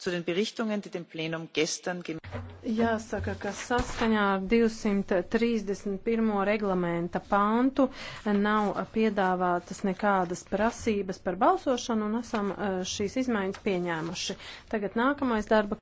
zu den Berichtungen, die dem Plenum gestern Jāsaka, ka saskaņā ar 231. reglamenta pāntu nav piedāvātas nekādas prasības par balsošanu un esam eh, šīs izmaiņas pieņēmuši. Tagad nākamais darba.